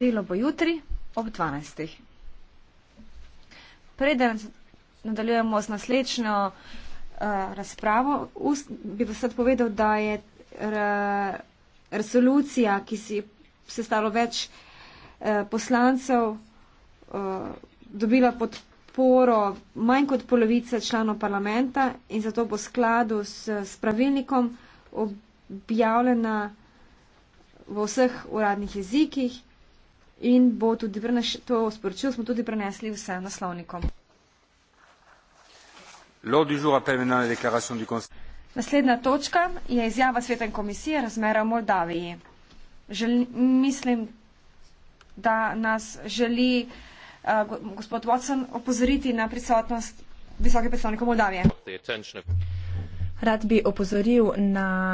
Delo bo jutri ob 12. Preden nadaljujemo z naslednjo uh, eh, razpravo, ust, bi vas sad povedal, da je re, resolucija, ki si sestavilo več uh, poslancev, uh, dobila podporo manj kot polovice članov parlamenta in zato bo skladu s, s pravilnikom objavljena v vseh uradnih jezikih in bo tudi preneš, to sporočilo smo tudi prenesli vsem naslovnikom. Naslednja točka je izjava Svetne komisije razmera v Moldaviji. Žel, mislim, da nas želi uh, gospod Watson opozoriti na prisotnost visokih predstavnikov Moldavije. Rad bi opozoril na.